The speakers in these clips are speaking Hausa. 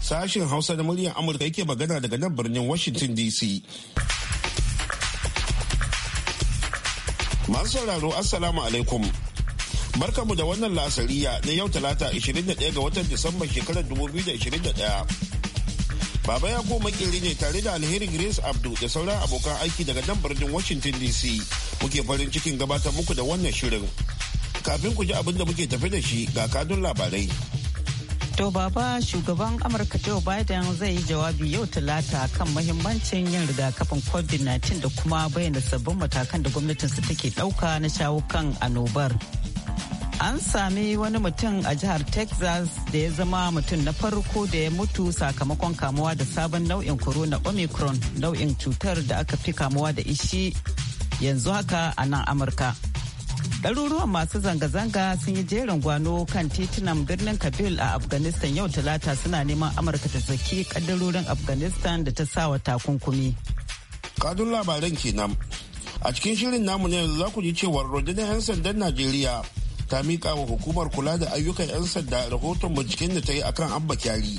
Sashen Hausa na muryar Amurka yake magana daga nan birnin Washington DC. Masu sauraro Assalamu alaikum. Barkamu da wannan lasariya na yau talata 21 ga watan Disamba shekarar 2021. Baba ya goma makeri ne tare da alheri Grace Abdu da sauran abokan aiki daga nan birnin Washington DC. Muke farin cikin gabatar muku da wannan shirin. Kafin ku ji abin da muke tafi da shi ga kadun labarai. To baba shugaban Amurka Joe Biden zai yi jawabi yau talata kan mahimmancin yin rigakafin COVID-19 da kuma bayyana sabbin matakan da gwamnatinsa take ɗauka na shawo kan annobar. an sami wani mutum a jihar texas da ya zama mutum na farko da ya mutu sakamakon kamuwa da sabon nau'in corona omicron nau'in cutar da aka fi kamuwa da ishi yanzu haka a nan amurka ɗaruruwan masu zanga-zanga sun yi jerin gwano kan titunan birnin kabil a afghanistan yau talata suna neman amurka ta saki afganistan afghanistan da ta sawa takunkumi kadun labaran kenan a cikin shirin namu ne za ku ji cewar rundunar 'yan sandan najeriya ta mika wa hukumar kula da ayyukan 'yan sanda rahoton binciken da ta yi akan abba kyari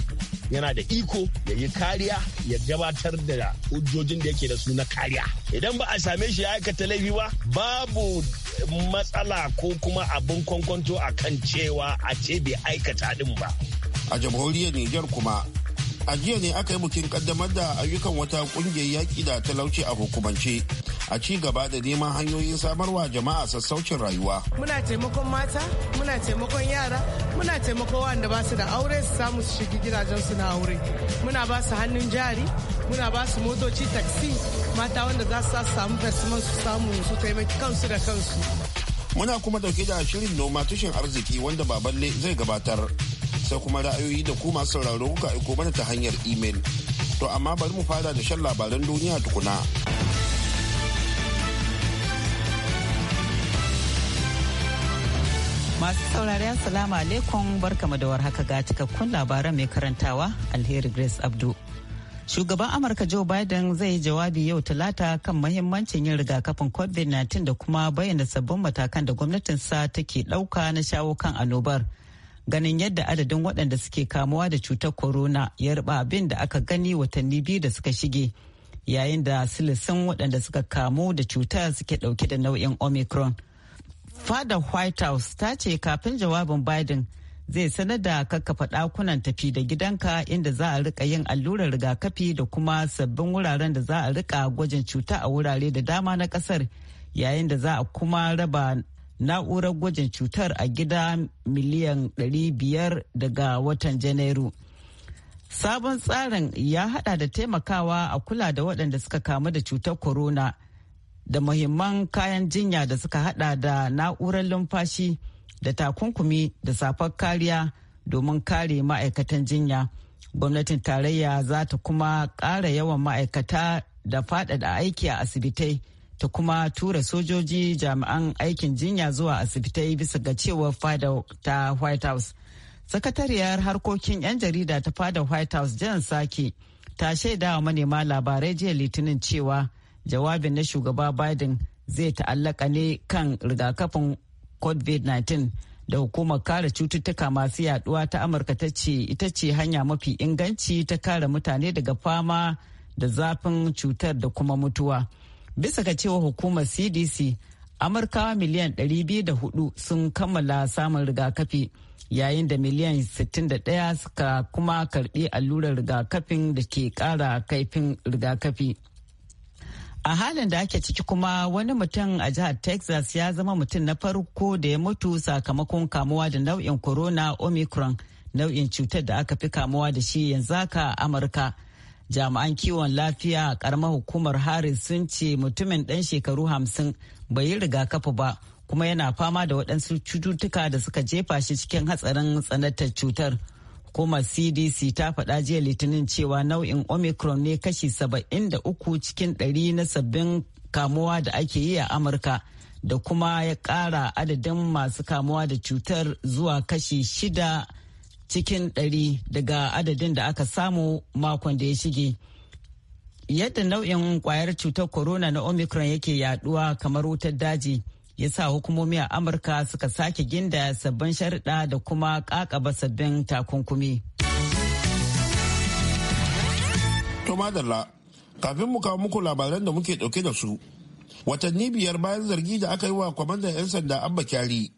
yana da iko ya yi kariya ya gabatar da hujjojin da yake da su na kariya idan ba a same shi ya aikata laifi ba babu matsala ko kuma abin kwankwanto a kan cewa a ce bai aikata din ba a jamhuriyar niger kuma a jiya ne aka yi bikin kaddamar da ayyukan wata kungiyar yaƙi da talauci a hukumance a ci gaba da neman hanyoyin samarwa jama'a sassaucin rayuwa muna taimakon mata muna taimakon yara muna taimakon wanda ba su da aure su samu su shiga gidajen su na aure muna ba su hannun jari muna ba su motoci taxi mata wanda za su samu fesiman su samu su taimaki kansu da kansu muna kuma dauke da shirin noma tushen arziki wanda baballe zai gabatar sai kuma ra'ayoyi da kuma masu sauraro kuka aiko mana ta hanyar imel. To amma bari mu fara da shan labaran duniya tukuna. Masu saurari Assalamu alaikum barkamu da warhaka ga cikakkun labaran mai karantawa Alheri Grace Abdu. Shugaban Amurka Joe Biden zai yi jawabi yau talata kan mahimmancin yin rigakafin COVID-19 da kuma bayyana sabbin matakan da gwamnatinsa take ɗauka na shawo kan annobar. ganin yadda adadin waɗanda suke kamuwa da cutar corona ya ruba abin da aka gani watanni biyu da suka shige yayin da silisin waɗanda suka kamu da cutar suke ɗauke da nau'in omicron fada white house ta ce kafin jawabin biden zai sanar da kakkafa ɗakunan tafi da gidanka inda za a rika yin allurar rigakafi da kuma sabbin wuraren da za a rika gwajin cuta a wurare da dama na ƙasar yayin da za a kuma raba na'urar gwajin cutar a gida miliyan 500 daga watan janairu sabon tsarin ya hada da taimakawa a kula da waɗanda suka kamu da cutar corona da muhimman kayan jinya da suka hada da na'urar lumfashi da takunkumi da safar kariya domin kare ma'aikatan jinya gwamnatin tarayya za ta kuma ƙara yawan ma'aikata da faɗaɗa aiki a asibitai ta kuma tura sojoji jami'an aikin jinya zuwa asibitai bisa ga cewa fada ta white house sakatariyar harkokin 'yan jarida ta fada white house jan saki ta shaida wa manema labarai jiya litinin cewa jawabin na shugaba biden zai ta'allaka ne kan rigakafin covid-19 da hukumar kare cututtuka masu yaduwa ta amurka ta ce ita ce hanya mafi inganci ta kare mutane daga fama da zafin cutar da kuma mutuwa. bisa ga cewa hukumar cdc amurkawa miliyan 204 sun kammala samun rigakafi yayin da miliyan 61 suka kuma karbi allurar rigakafin da ke kara kaifin rigakafi a halin da ake ciki kuma wani mutum a jihar texas ya zama mutum na farko da ya mutu sakamakon kamuwa da nau'in corona omicron nau'in cutar da aka fi kamuwa da shi yanzu haka a amurka jami'an kiwon lafiya a karamar hukumar harris sun ce mutumin dan shekaru hamsin bai yi rigakafi ba kuma yana fama da waɗansu cututtuka da suka jefa shi cikin hatsarin tsanantar cutar hukumar cdc ta faɗa jiya litinin cewa nau'in omicron ne kashi saba'in da uku cikin ɗari na sabbin kamuwa da ake yi a amurka da kuma ya ƙara adadin masu kamuwa da cutar zuwa kashi shida cikin ɗari daga adadin da aka samu makon da ya shige. Yadda nau'in kwayar cutar corona na Omicron yake yaduwa kamar wutar daji ya sa hukumomi a Amurka suka sake ginda sabbin sharuɗa da kuma ƙaƙaba sabbin takunkumi. To madalla, kafin mu kawo muku labaran da muke ɗauke da su, watanni biyar bayan zargi da aka yi wa kwamandan 'yan sanda Abba Kyari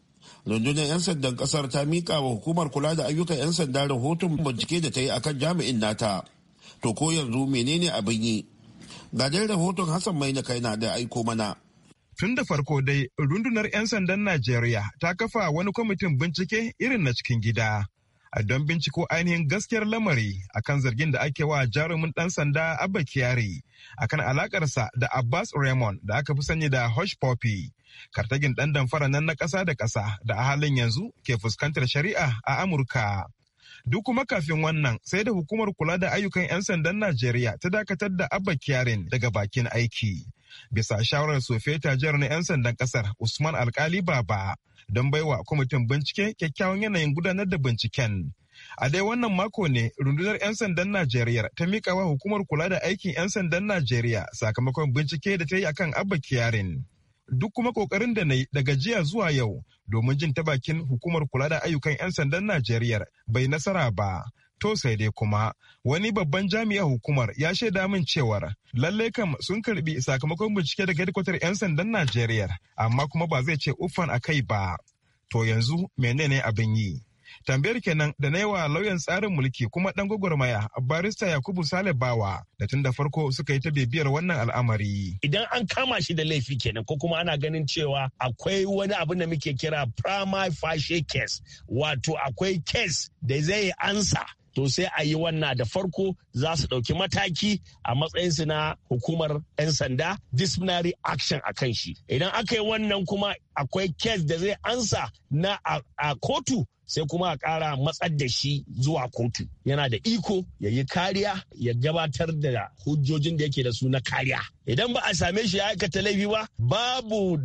rundunar 'yan sandan kasar ta mika wa hukumar kula da ayyukan 'yan sanda rahoton bincike da ta yi akan jami'in nata to ko yanzu menene abin yi ga dai rahoton hassan mai na kai kaina da aiko mana tun da farko dai rundunar 'yan sandan najeriya ta kafa wani kwamitin bincike irin na cikin gida A don binciko ainihin gaskiyar lamari akan zargin da ake wa jarumin ɗan sanda Abba a akan alakarsa da Abbas Raymond da aka fi sani da Hush Poppy. Kartagin ɗan damfara nan na ƙasa da ƙasa da a halin yanzu ke fuskantar shari'a a Amurka. Duk kuma kafin wannan sai da hukumar kula da ayyukan 'yan sandan Najeriya ta dakatar da Abba Kyarin daga bakin aiki. Bisa shawarar Sofeta jihar na 'yan sandan ƙasar Usman Alkali Baba. don baiwa kwamitin bincike kyakkyawan yanayin gudanar da binciken. A dai wannan mako ne rundunar 'yan sandan Najeriya ta miƙa wa hukumar kula da aikin 'yan sandan Najeriya sakamakon bincike da ta yi akan Abba Kiyarin. Duk kuma kokarin da na yi daga jiya zuwa yau domin jin ta bakin hukumar kula da ayyukan 'yan sandan Najeriya bai nasara ba. To sai dai kuma wani babban jami'a hukumar ya shaida min cewar lallai kam sun karbi sakamakon bincike daga hedikwatar 'yan sandan Najeriya amma kuma ba zai ce uffan a kai ba. To yanzu menene abin yi? tambayar kenan da na yawa lauyan tsarin mulki kuma dan gwagwarmaya barista yakubu sale bawa da tun da farko suka yi ta bibiyar wannan al'amari idan an kama shi da laifi kenan ko kuma ana ganin cewa akwai wani abin da muke kira prima facie case wato akwai case da zai ansa to sai a yi wannan da farko za su ɗauki mataki a matsayinsu na hukumar 'yan sanda disciplinary action a kan shi idan aka yi wannan kuma akwai kes da zai ansa na a kotu sai kuma a kara matsar da shi zuwa kotu yana da iko ya yi kariya ya gabatar da hujjojin da yake da su na kariya idan ba a same shi ya aikata laifi ba babu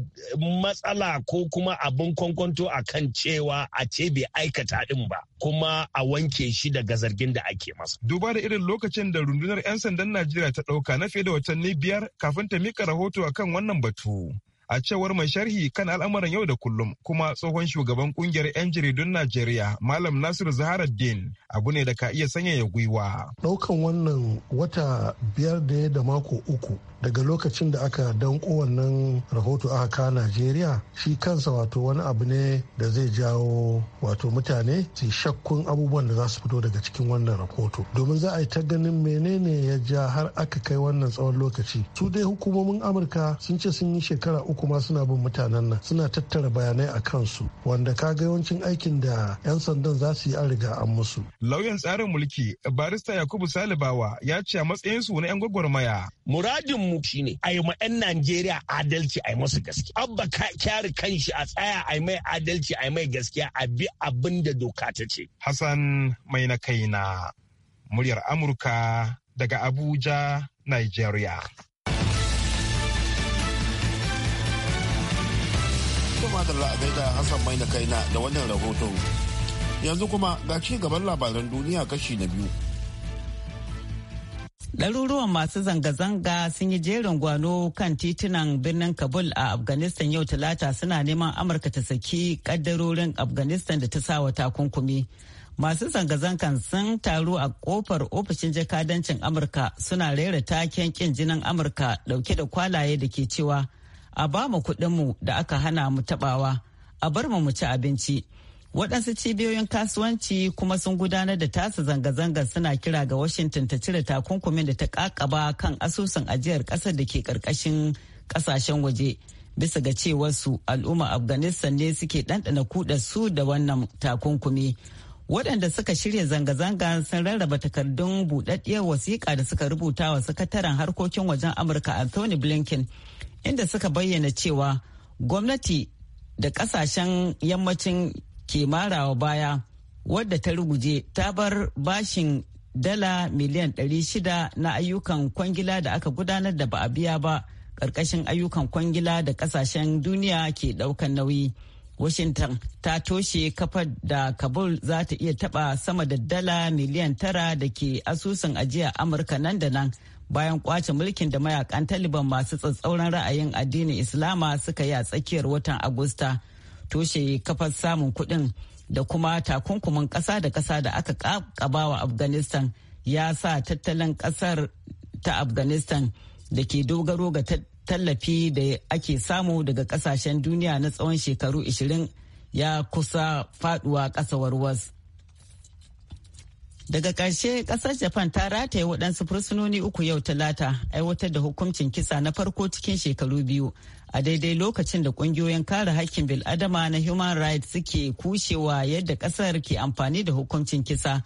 matsala ko kuma abin kwankwanto a kan cewa a ce bai aikata din ba kuma a wanke shi daga zargin da ake masa duba da irin lokacin da rundunar 'yan sandan najeriya ta ɗauka na fiye da watanni biyar kafin ta mika rahoto akan wannan batu a cewar mai sharhi kan al'amuran yau da kullum kuma tsohon shugaban kungiyar 'yan jaridun najeriya malam nasiru din abu ne da ka iya sanya ya gwiwa daukan wannan wata biyar da ya da mako uku daga lokacin da aka danko wannan rahoto aka ka najeriya shi kansa wato wani abu ne da zai jawo wato mutane su shakkun abubuwan da za su fito daga cikin wannan rahoto domin za a yi ta ganin menene ya ja har aka kai wannan tsawon lokaci su dai hukumomin amurka sun ce sun yi shekara uku kuma suna bin mutanen nan suna tattara bayanai a kansu wanda ka ga yawancin aikin da 'yan sandan za su yi an riga an musu. Lauyan tsarin mulki barista Yakubu Salibawa ya ce a matsayin su na 'yan gwagwarmaya. Muradin mu shine a yi ma 'yan Najeriya adalci a yi masu gaske. Abba ka kan kanshi a tsaya a yi mai adalci a yi mai gaskiya a bi abin da doka ta ce. Hassan mai na kai na muryar Amurka daga Abuja, Nigeria. Kuma da la'agaida Hassan mai na kaina da wannan rahoton. Yanzu kuma ga ci gaban labaran duniya kashi na biyu. Ɗaruruwan masu zanga-zanga sun yi jerin gwano kan titunan birnin Kabul a Afghanistan yau Talata suna neman Amurka ta saki ƙaddarorin Afghanistan da ta sa wa takunkumi. Masu zanga-zangan sun taru a kofar ofishin jakadancin Amurka suna rera taken kin jinin Amurka dauke da kwalaye da ke cewa a ba mu kuɗinmu da aka hana mu taɓawa a bar mu ci abinci waɗansu cibiyoyin kasuwanci kuma sun gudanar da tasa zanga-zanga suna kira ga washington ta cire takunkumin da ta ƙaƙaba kan asusun ajiyar ƙasar da ke ƙarƙashin ƙasashen waje bisa ga cewarsu al'umma afghanistan ne suke ɗanɗana kuɗa su da wannan takunkumi waɗanda suka shirya zanga-zanga sun rarraba takardun buɗaɗɗiyar wasiƙa da suka rubuta wa sakataren harkokin wajen amurka anthony blinken inda suka bayyana cewa gwamnati da kasashen yammacin ke marawa baya wadda ta ruguje ta bar bashin dala miliyan 600 na ayyukan kwangila da aka gudanar da ba a biya ba ƙarƙashin ayyukan kwangila da kasashen duniya ke ɗaukan nauyi. Washington ta toshe kafar da Kabul za ta iya taɓa sama da dala miliyan 9 da ke asusun ajiya Amurka nan da nan bayan kwace mulkin da mayakan taliban masu tsatsauran ra'ayin addinin islama suka yi a tsakiyar watan agusta toshe kafar samun kuɗin da kuma takunkumin ƙasa da ƙasa da aka wa afghanistan ya sa tattalin ƙasar ta afghanistan da ke dogaro ga tallafi da ake samu daga ƙasashen duniya na tsawon shekaru 20 ya kusa faɗuwa ƙasa warwas. daga ƙarshe ƙasar japan ta rataye waɗansu fursunoni uku yau talata aiwatar da hukuncin kisa na farko cikin shekaru biyu a daidai lokacin da ƙungiyoyin kare hakkin bil'adama na human rights suke kushewa yadda ƙasar ke amfani da hukuncin kisa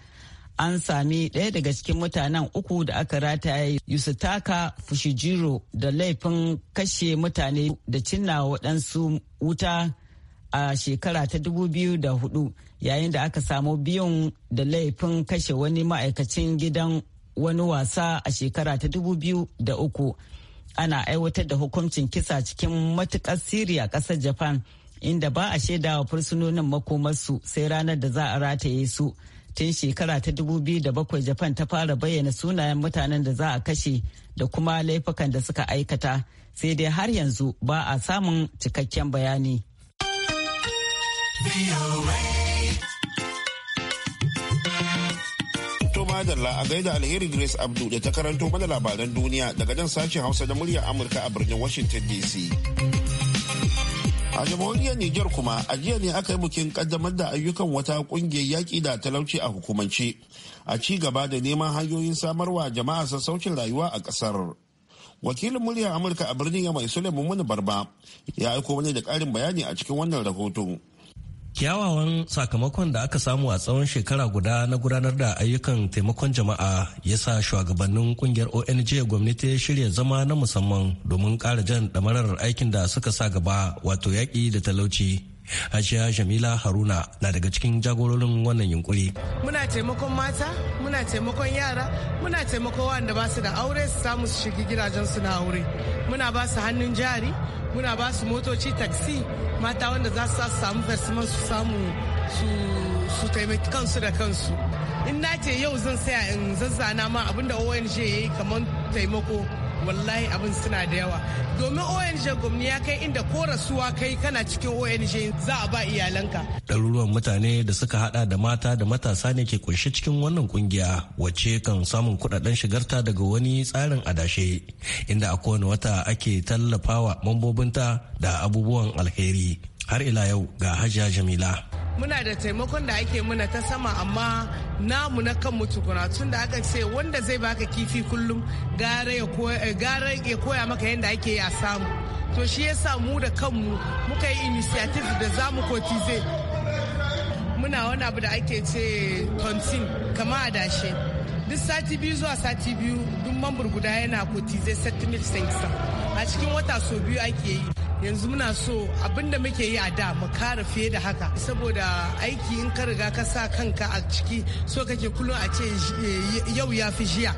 an sami ɗaya daga cikin mutanen uku da aka rataye yusutaka fushijiro da laifin kashe mutane da cinna waɗansu wuta a shekara ta 2004 yayin da aka samu biyun da laifin kashe wani ma'aikacin gidan wani wasa a shekara ta dubu biyu da uku ana aiwatar da hukuncin kisa cikin matukar siri a ƙasar japan inda ba a shaidawa fursunonin makomarsu sai ranar da za a rataye su tun shekara ta dubu biyu da bakwai japan ta fara bayyana sunayen mutanen da za a kashe da kuma laifukan da suka aikata sai dai har yanzu ba a samun cikakken bayani. madalla a gaida alheri Grace Abdu da ta karanto mana labaran duniya daga nan sashen Hausa da murya Amurka a birnin Washington DC. A jamhuriyar niger kuma a jiya ne aka yi bukin kaddamar da ayyukan wata kungiyar yaƙi da talauci a hukumance a ci gaba da neman hanyoyin samarwa jama'a sassaucin rayuwa a ƙasar. Wakilin muryar Amurka a birnin Yamai Suleiman Mumuni Barba ya aiko mana da ƙarin bayani a cikin wannan rahoton. Kyawawan sakamakon da aka samu a tsawon shekara guda na gudanar da ayyukan taimakon jama'a ya sa shugabannin kungiyar ONG gwamnati ya shirya zama na musamman domin ƙara jan damarar aikin da suka sa gaba wato yaƙi da talauci. hajiya jamila haruna na daga cikin jagororin wannan yunkuri muna taimakon mata muna taimakon yara muna taimakon wanda ba su da aure su samu su shiga gidajen su na aure muna ba su hannun jari muna ba su motoci taxi mata wanda za su samu fesiman su samu su taimaki kansu da kansu in na ce yau zan saya in zazzana ma abinda ONG ya yi kamar taimako wallahi abin suna da yawa domin ONG gwamni ya kai inda ko rasuwa kai kana cikin ONG za a ba iyalanka ɗaruruwan mutane da suka hada da mata da matasa ne ke kunshi cikin wannan kungiya wacce kan samun kudaden shigarta daga wani tsarin adashe inda a kowane wata ake tallafawa mambobinta da abubuwan alheri har ila yau ga hajiya jamila muna da taimakon da ake muna ta sama amma namu na kan tukuna tun da aka ce wanda zai baka kifi kullum gara ya koya eh, maka yadda ake a samu to shi yasa mu da kanmu muka yi initiative da za mu kotize muna wani abu da ake ce tontin kama adashe duk sati biyu zuwa sati biyu duk mambur guda yana kotize 7,500 a cikin wata sau biyu ake yi yanzu muna so abin da muke yi a da mu kara fiye da haka saboda aiki in ka riga ka sa kanka a ciki so kake kullum a ce eh, yau ya fi jiya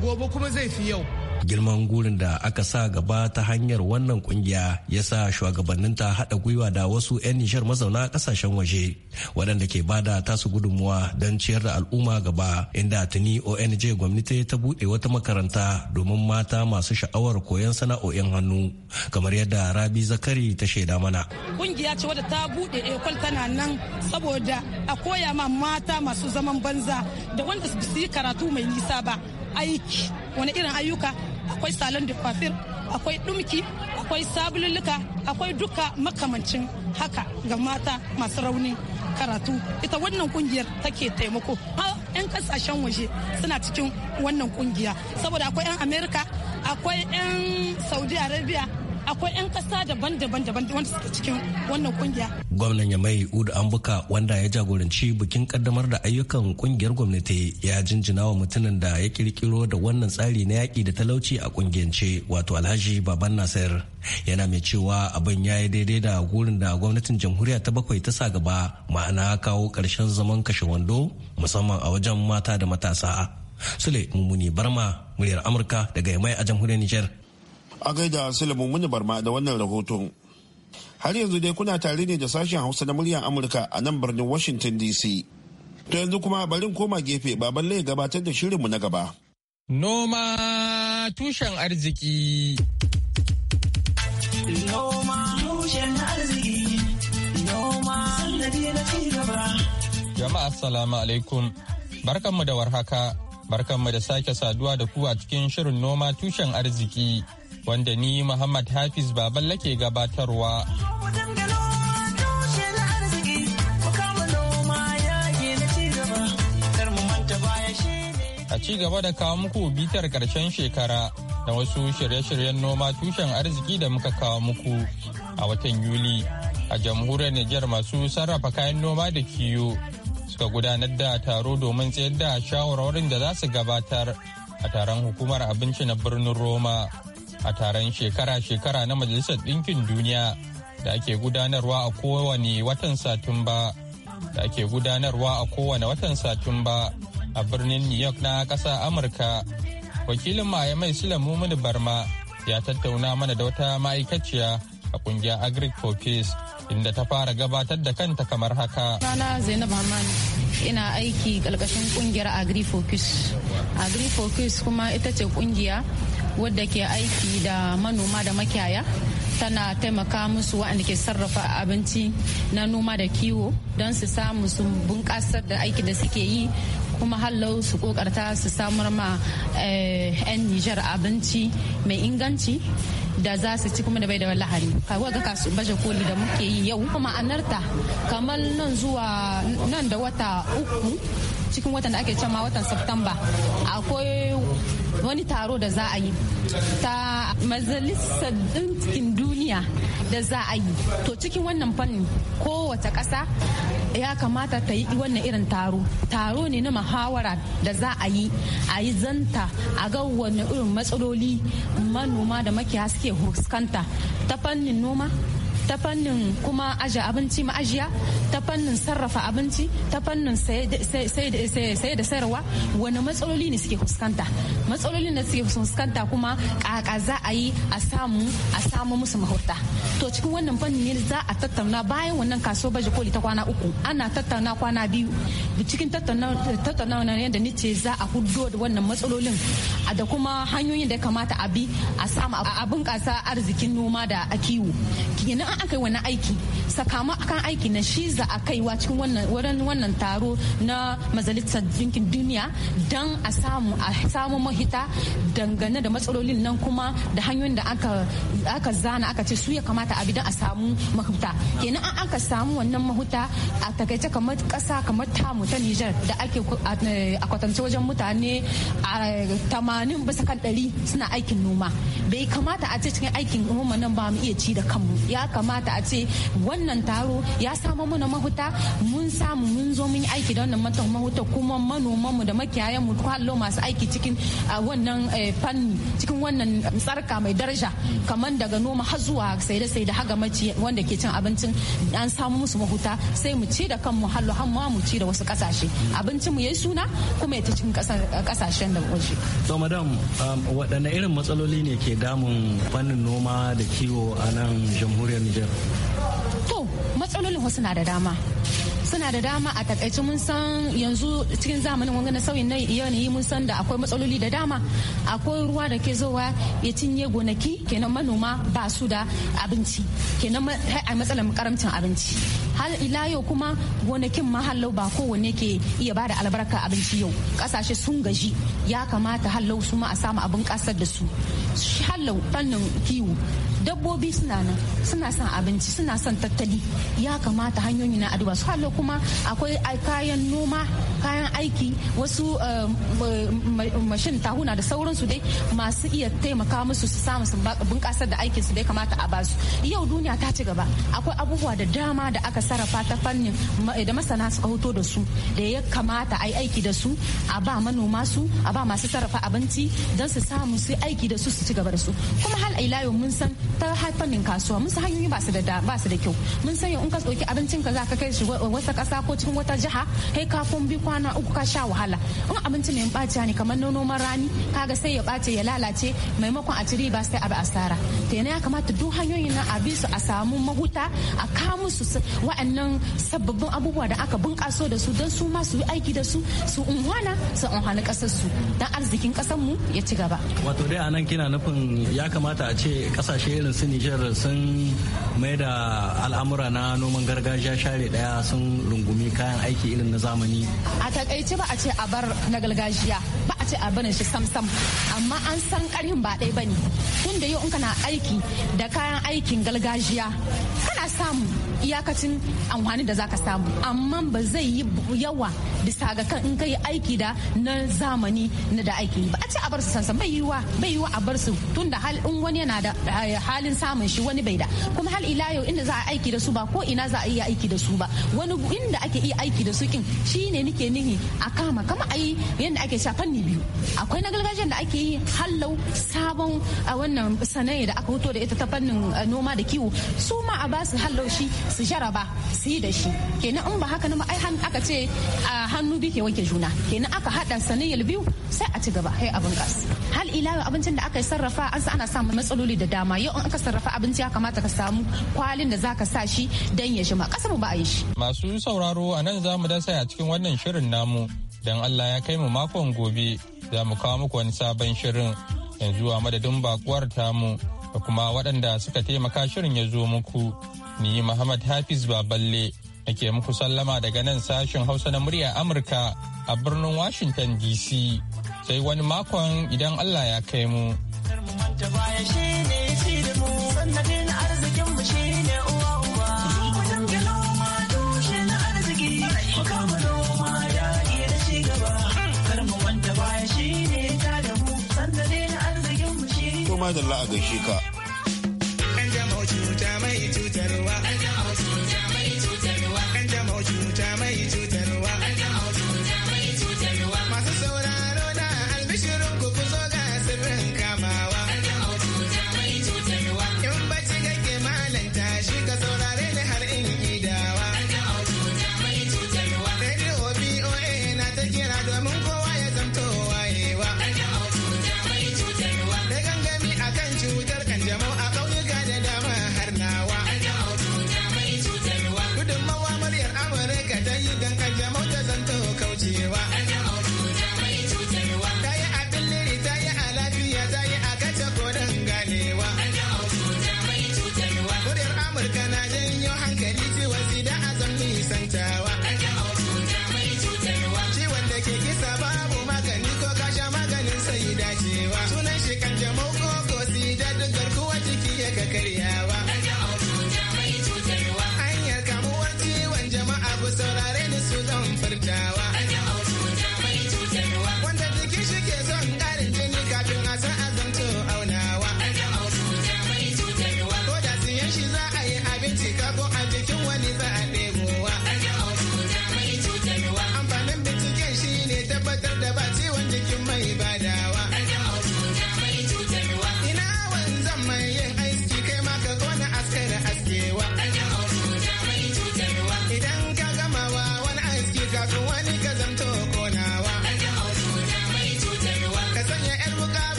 gobe kuma zai fi yau girman gurin da aka sa gaba ta hanyar wannan kungiya ya sa shugabanninta haɗa gwiwa da wasu 'yan nishar mazauna ƙasashen waje waɗanda ke bada tasu gudunmuwa don ciyar da al'umma gaba inda tuni ong gwamnati ta buɗe wata makaranta domin mata masu sha'awar koyon sana'o'in hannu kamar yadda rabi zakari ta shaida mana kungiya ce wadda ta buɗe ekol tana nan saboda a koya ma mata masu zaman banza da wanda su yi karatu mai nisa ba aiki wani irin ayyuka akwai salon da kwafir akwai dumki akwai sabululluka akwai duka makamancin haka ga mata masu rauni karatu ita wannan kungiyar take taimako har 'yan kasashen waje suna cikin wannan kungiya saboda akwai 'yan amerika akwai 'yan saudi arabia akwai 'yan ƙasa daban-daban wanda suke cikin wannan kungiya. Gwamnan Yamai Udu Ambuka wanda ya jagoranci bikin kaddamar da ayyukan kungiyar gwamnati ya jinjina wa mutumin da ya kirkiro da wannan tsari na yaƙi da talauci a kungiyance wato Alhaji Baban Nasir. Yana mai cewa abin ya yi daidai da gurin da gwamnatin jamhuriya ta bakwai ta sa gaba ma'ana kawo ƙarshen zaman kashe wando musamman a wajen mata da matasa. Sule Mummuni Barma, muryar Amurka daga Yamai a jamhuriyar Nijar. A gaida Sulaimun Muni Barma da wannan rahoton. Har yanzu dai kuna tare ne da sashen Hausa na muryar Amurka a nan birnin Washington DC. To yanzu kuma barin koma gefe baban lai gabatar da shirinmu na gaba. Noma tushen arziki. Noma tushen arziki. Noma na ci gaba. Jama'a Salamu alaikum. Barkanmu da warhaka. Barkanmu da sake saduwa da ku a cikin shirin noma tushen arziki wanda ni Muhammad Hafiz Baballe ke gabatarwa. A ci gaba da kawo muku bitar ƙarshen shekara da wasu shirye-shiryen noma tushen arziki da muka kawo muku a watan Yuli a jamhuriyar Nijar masu sarrafa kayan noma da kiyo suka gudanar da taro domin tsayar da shawarwarin da za su gabatar a taron hukumar abinci na birnin Roma. a taron shekara-shekara na Majalisar Ɗinkin Duniya da ake gudanarwa a kowane watan Satumba. Da ake gudanarwa a kowane watan Satumba a birnin New York na ƙasa Amurka. Wakilin Mayamai sila Mini Barma ya tattauna mana da wata ma'aikaciya a kungiyar Agric for Peace inda ta fara gabatar da kanta kamar haka. Sana Zainab Hamani. ina aiki ƙarƙashin ƙungiyar agri-focus agri-focus kuma ita ce ƙungiya wadda ke aiki da manoma da makiyaya tana taimaka musu waɗanda ke sarrafa abinci na noma da kiwo don su samu su bunƙasar da aiki da suke yi kuma hallau su kokarta su samar ma 'yan eh, nijar abinci mai inganci da za su ci kuma da bai da lahari kawai ga kasu baje koli da muke yi yau kuma anarta kamar nan zuwa nan da wata uku cikin watan da ake can ma watan september akwai wani taro da za a yi ta majalisar ɗinkin duniya da za a yi to cikin wannan fannin kowace ƙasa ya kamata ta yi wannan irin taro taro ne na muhawara da za a yi a yi zanta a ga wani irin matsaloli manoma da makiya suke fuskanta ta fannin noma ta fannin kuma aje abinci ma'ajiya ta fannin sarrafa abinci ta fannin saye da sayarwa wani matsaloli ne suke fuskanta matsaloli ne suke fuskanta kuma kaka za a yi a samu a samu musu mahurta to cikin wannan fannin ne za a tattauna bayan wannan kaso baje koli ta kwana uku ana tattauna kwana biyu cikin tattauna ne ni ce za a hudo da wannan matsalolin da kuma hanyoyin da ya kamata a bi a samu a bunkasa arzikin noma da a kiwo kenan aka yi wani aiki sakamakon aiki na shi za a kaiwa cikin wannan wannan taro na majalisar jinkin duniya don a samu a samu mahita dangane da matsalolin nan kuma da hanyoyin da aka zana aka ce su ya kamata a bidan a samu mahuta kenan an aka samu wannan mahuta a takaice kamar kasa kamar tamu ta Nijar da ake eh, a kwatance wajen mutane a tamanin bisa kan 100 suna aikin noma bai kamata a ce cikin aikin noma nan ba mu iya ci da kanmu ya kamata a ce wannan taro ya samu mana mahuta mun samu mun zo mun yi aiki da wannan matan mahuta kuma manomanmu da mu kwallo masu aiki cikin wannan eh, fanni cikin wannan tsarka mai daraja kamar daga noma har zuwa sai da sai da haga maci wanda ke cin abincin an samu musu mahuta sai mu ci da kanmu hallo har ma mu ci da wasu kasashe abincin mu yayi suna kuma ya ta cikin kasashen da waje to madam um, waɗanne irin matsaloli ne ke damun fannin noma da kiwo a nan jamhuriyar Nijar? To, matsalolin wasu na da dama. suna da dama a takaice mun san yanzu cikin zamanin wanga na sauyin na yanayi mun san da akwai matsaloli da dama akwai ruwa da ke zowa ya cinye gonaki kenan manoma ba su da abinci kenan a matsalar karamcin abinci har ila yau kuma gonakin mahallau ba kowanne ke iya bada albarka abinci yau kasashe sun gaji ya kamata hallau su ma a samu abin kasar da su hallau fannin kiwo dabbobi suna nan suna son abinci suna son tattali ya kamata hanyoyi na aduba su halo kuma akwai kayan noma kayan aiki wasu um, mashin tahuna da sauransu dai masu iya taimaka musu su samu su bunƙasar da aikinsu dai kamata a basu yau duniya ta ci gaba akwai abubuwa da dama da aka sarrafa ta fannin da masana suka hoto da su da ya kamata a yi aiki da su a ba manoma su a ba masu sarrafa abinci don su samu su aiki da su su ci gaba da su kuma hal ila mun san ta fannin kasuwa mun san hanyoyi ba su da ba su da kyau mun san in ka tsoki abincin ka za ka kai shi wata kasa ko cikin wata jiha kai kafin bi kwana uku ka sha wahala in abinci mai bace ne kamar nono noman rani kaga sai ya bace ya lalace maimakon a ci riba sai a bi asara to yana ya kamata duk hanyoyin nan a bi su a samu mahuta a kawo musu wa'annan sababbin abubuwa da aka bunkaso da su don su ma su yi aiki da su su unhwana su unhwani kasar su don arzikin kasar mu ya ci gaba wato dai anan kina nufin ya kamata a ce kasashe irin su nijar sun mai da al'amura na noman gargajiya share daya sun rungumi kayan aiki irin na zamani a takaice ba a ce a bar na gargajiya ba ce a shi sam sam amma an san karhin ba ɗaya bane tun da yau in kana aiki da kayan aikin gargajiya kana samu iyakacin amfani da zaka samu amma ba zai yi yawa bisa ga kan in yi aiki da na zamani na da aiki ba a ce a bar su sansan bai yiwa bai yiwa a bar su tun hal in wani yana da eh, halin samun shi wani bai da kuma hal ila yau inda za a aiki da su ba ko ina za a iya aiki da su ba wani inda ake iya aiki da su kin shine nike nihi a kama kama ayi yanda ake sha fanni biyu biyu akwai na gargajiyar da ake yi hallau sabon a wannan sanayi da aka hoto da ita ta fannin noma da kiwo su ma a basu su hallau shi su jaraba su yi da shi kenan in ba haka na ai aka ce a hannu biyu ke wanke juna kenan aka hada sanayyar biyu sai a ci gaba hai abin gas hal ila abincin da aka sarrafa an sa ana samun matsaloli da dama yau in aka sarrafa abinci ya kamata ka samu kwalin da zaka sa shi dan ya shima kasa mu ba a yi shi masu sauraro a nan za mu dasa a cikin wannan shirin namu Don Allah ya kai mu makon gobe za mu kawo muku wani sabon shirin yanzu a madadin bakuwar tamu da kuma waɗanda suka taimaka shirin ya zo muku. Ni Muhammad Hafiz Baballe nake muku sallama daga nan sashen Hausa na murya Amurka a birnin Washington DC. Sai wani makon idan Allah ya kai mu. madalla a gaishe ka. gustaban.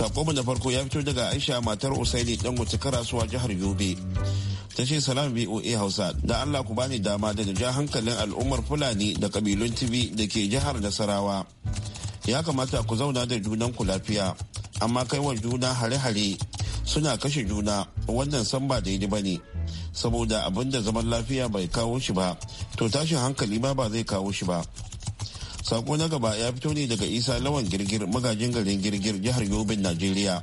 mu na farko ya fito daga aisha matar usaini dan wuce karasuwa jihar yobe ta ce salam voa hausa da allah ku bani dama daga ja hankalin al'ummar fulani da kabilun tibi da ke jihar nasarawa ya kamata ku zauna da junan ku lafiya amma kai wa juna hare-hare suna kashe juna wannan san ba daidai ba ne saboda abin da zaman lafiya bai kawo shi ba to tashin hankali ma ba zai kawo shi ba sako na gaba ya fito ne daga isa lawan girgir magajin garin girgir jihar yobin najeriya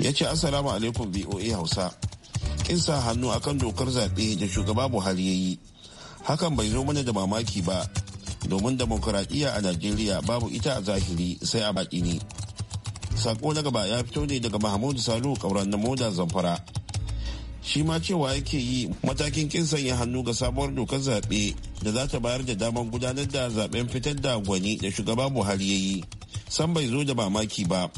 ya ce assalamu alaikum voa hausa kin sa hannu akan dokar zaɓe da shugaba buhari ya yi hakan bai zo mana da mamaki ba domin demokuraɗiyya a najeriya babu ita a zahiri sai a baƙi ne sako na gaba ya fito ne daga mahmudu salu kauran na moda zamfara shi ma cewa yake yi matakin kin sanya hannu ga sabuwar dokar zaɓe da za ta bayar da damar gudanar da zaɓen fitar da gwani da shugaba buhari ya yi san bai zo da mamaki ba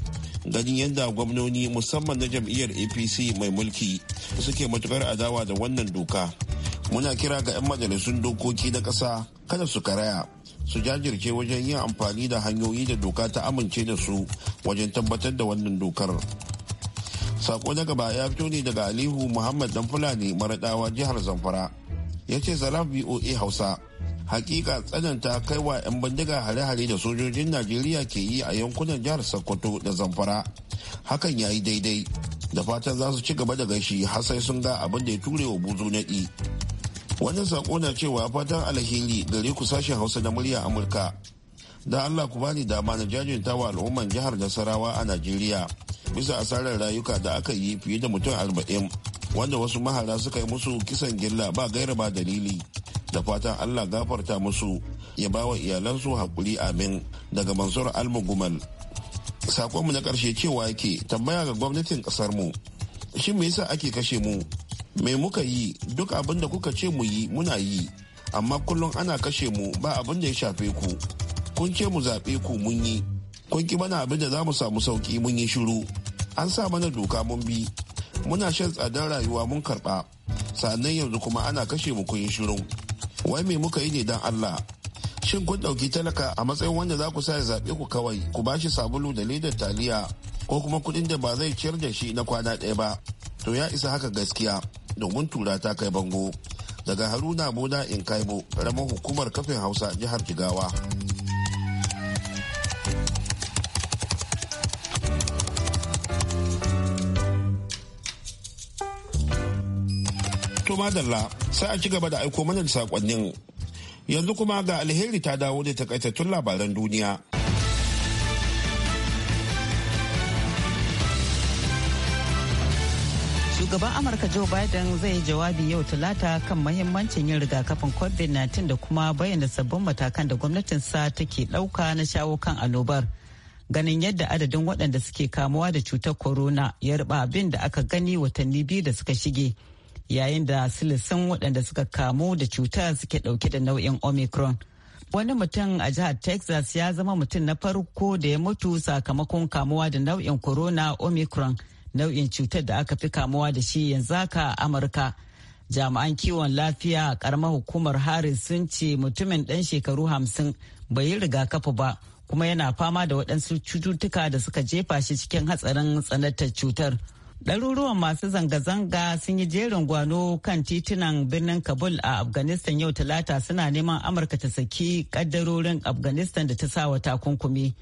ganin yadda gwamnoni musamman na jam'iyyar apc mai mulki suke matukar adawa da wannan doka muna kira ga 'yan majalisun dokoki na ƙasa kada su karaya su jajirce wajen yin amfani da hanyoyi da doka ta amince da su wajen tabbatar da wannan dokar sako na gaba ya fito ne daga alihu muhammad dan fulani maradawa jihar zamfara ya ce salam voa hausa hakika tsananta kaiwa 'yan bindiga hare-hare da sojojin najeriya ke yi a yankunan jihar sokoto da zamfara hakan ya yi daidai da fatan za su ci gaba da gashi har sai sun ga abin da ya ture wa buzu naɗi wannan sako na cewa fatan alheri gare ku sashen hausa da murya amurka da allah ku bani dama na jajinta wa al'umman jihar nasarawa a najeriya bisa asarar rayuka da aka yi fiye da mutum arba'in wanda wasu mahara suka yi musu kisan gilla ba gaira ba dalili da fatan allah gafarta musu ya ba wa iyalansu hakuri amin daga mansur almugumal sakonmu na karshe cewa yake tambaya ga gwamnatin kasar mu shin me yasa ake kashe mu me muka yi duk abin da kuka ce mu yi muna yi amma kullum ana kashe mu ba abin da ya shafe ku kun ce mu zaɓe ku mun yi kun ki mana abin da za mu samu sauki mun yi shiru an sa mana doka mun bi muna shan tsadar rayuwa mun karba sannan yanzu kuma ana kashe mu kun yi shiru wai me muka yi ne dan Allah shin kun ɗauki talaka a matsayin wanda za ku sa ya zaɓe ku kawai ku bashi sabulu da ledar taliya ko kuma kuɗin da ba zai ciyar da shi na kwana ɗaya ba to ya isa haka gaskiya domin tura ta kai bango daga haruna boda in kaibo ramar hukumar kafin hausa jihar jigawa. to madalla sai a ci gaba da aiko mana da sakonnin. Yanzu kuma ga alheri ta dawo da takaitattun labaran duniya. Shugaban Amurka Joe Biden zai jawabi yau talata kan mahimmancin yin rigakafin COVID-19 da kuma bayyana sabbin matakan da gwamnatin gwamnatinsa take dauka na shawo kan annobar. Ganin yadda adadin waɗanda suke kamuwa da cutar corona ya ruba abin da aka gani watanni biyu da suka shige. yayin da silisin waɗanda suka kamu da cutar suke ɗauke da nau'in omicron wani mutum a jihar texas ya zama mutum na farko da ya mutu sakamakon kamuwa da nau'in corona omicron nau'in cutar da aka fi kamuwa da shi yanzu haka a amurka jami'an kiwon lafiya a karamar hukumar harris sun ce mutumin ɗan shekaru hamsin bai yi rigakafi ba kuma yana fama da waɗansu cututtuka da suka jefa shi cikin hatsarin tsanantar cutar. Ɗaruruwan masu zanga-zanga sun yi jerin gwano kan titunan birnin Kabul a Afghanistan yau talata suna neman Amurka ta saki ƙaddarorin Afghanistan da ta sa wa takunkumi.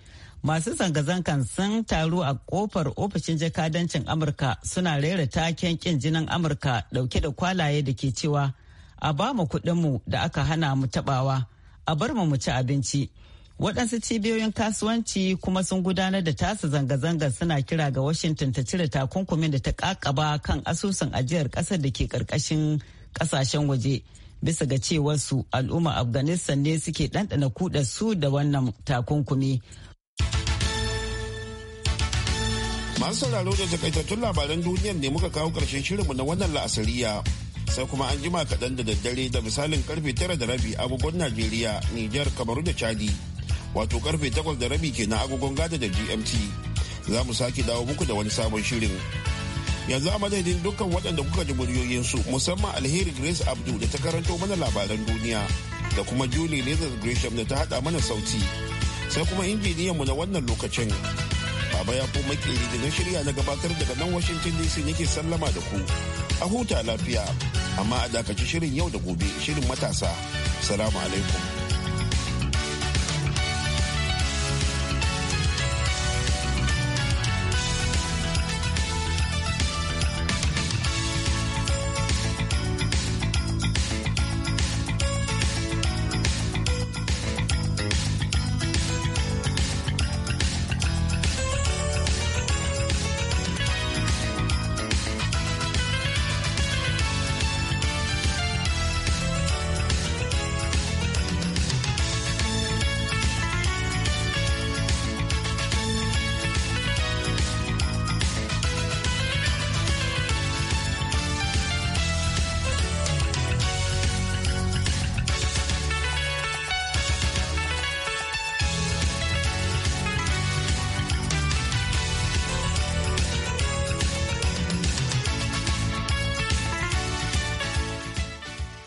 Masu zanga-zangan sun taru a kofar ofishin jakadancin Amurka suna rera taken kin jinin Amurka ɗauke da kwalaye da ke cewa a ba mu kuɗinmu da aka hana mu taɓawa, a bar mu ci abinci. waɗansu cibiyoyin kasuwanci kuma sun gudanar da tasa zanga zanga suna kira ga washington ta cire takunkumin da ta kakaba kan asusun ajiyar ƙasar da ke ƙarƙashin ƙasashen waje bisa ga su al'umma afghanistan ne suke ɗanɗana kuɗa su da wannan takunkumi masu sauraro da takaitattun labaran duniyar ne muka kawo ƙarshen shirinmu na wannan la'asariya sai kuma an jima kaɗan da daddare da misalin karfe tara da rabi abubuwan najeriya nijar kamaru da chadi wato karfe takwas da rabi ke na agogon gada da gmt za mu sake dawo muku da wani sabon shirin yanzu a madadin dukkan waɗanda kuka ji muryoyinsu musamman alheri grace abdu da ta karanto mana labaran duniya da kuma julie lizard gresham da ta haɗa mana sauti sai kuma injiniyanmu na wannan lokacin baba ya ko makeri da na shirya na gabatar daga nan washington dc nake sallama da ku a huta lafiya amma a dakaci shirin yau da gobe shirin matasa salamu alaikum